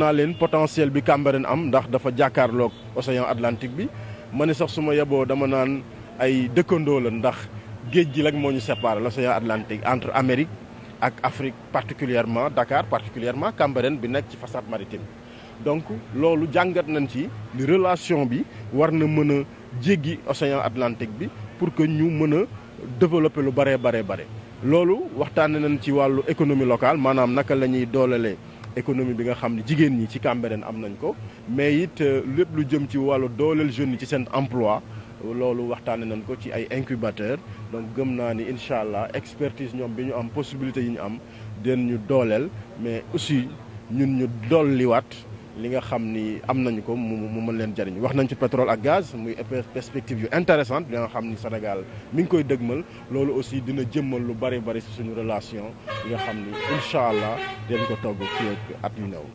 naa leen potentiel bi Cambérène am ndax dafa jàkkaarloog océan Atlantique bi ma ne sax suma yeboo dama naan ay dëkkandoo la ndax géej gi rek moo ñu séparé l'océan Atlantique entre Amérique ak Afrique particulièrement Dakar particulièrement Cambérène bi nekk ci façade maritime donc loolu jàngat nañ ci ni relation bi war na mën a jéggi océan Atlantique bi pour que ñu mën a développer lu bare bare bare loolu waxtaane nañ ci wàllu économie locale maanaam naka la ñuy doolelee économie bi nga xam ne jigéen ñi ci Cambérène am nañ ko mais it euh, lépp lu jëm ci wàllu dooleel jeunes yi ci seen emploi loolu waxtaane nañ ko ci ay incubateur donc gëm naa ni incha allah expertise ñoom bi ñu am possibilité yi ñu am den ñu dooleel mais aussi ñun ñu dolliwaat li nga xam ni am nañu ko mu mu mën leen jëriñ wax nañ ci pétrole ak gaz muy perspective yu intéressante li nga xam ni Sénégal mi ngi koy dëgmal loolu aussi dina jëmmal lu bari bari si suñu relation yi nga xam ni incha allah dinañ ko togg fii ak at yu néew